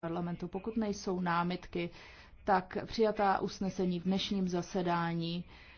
parlamentu. Pokud nejsou námitky, tak přijatá usnesení v dnešním zasedání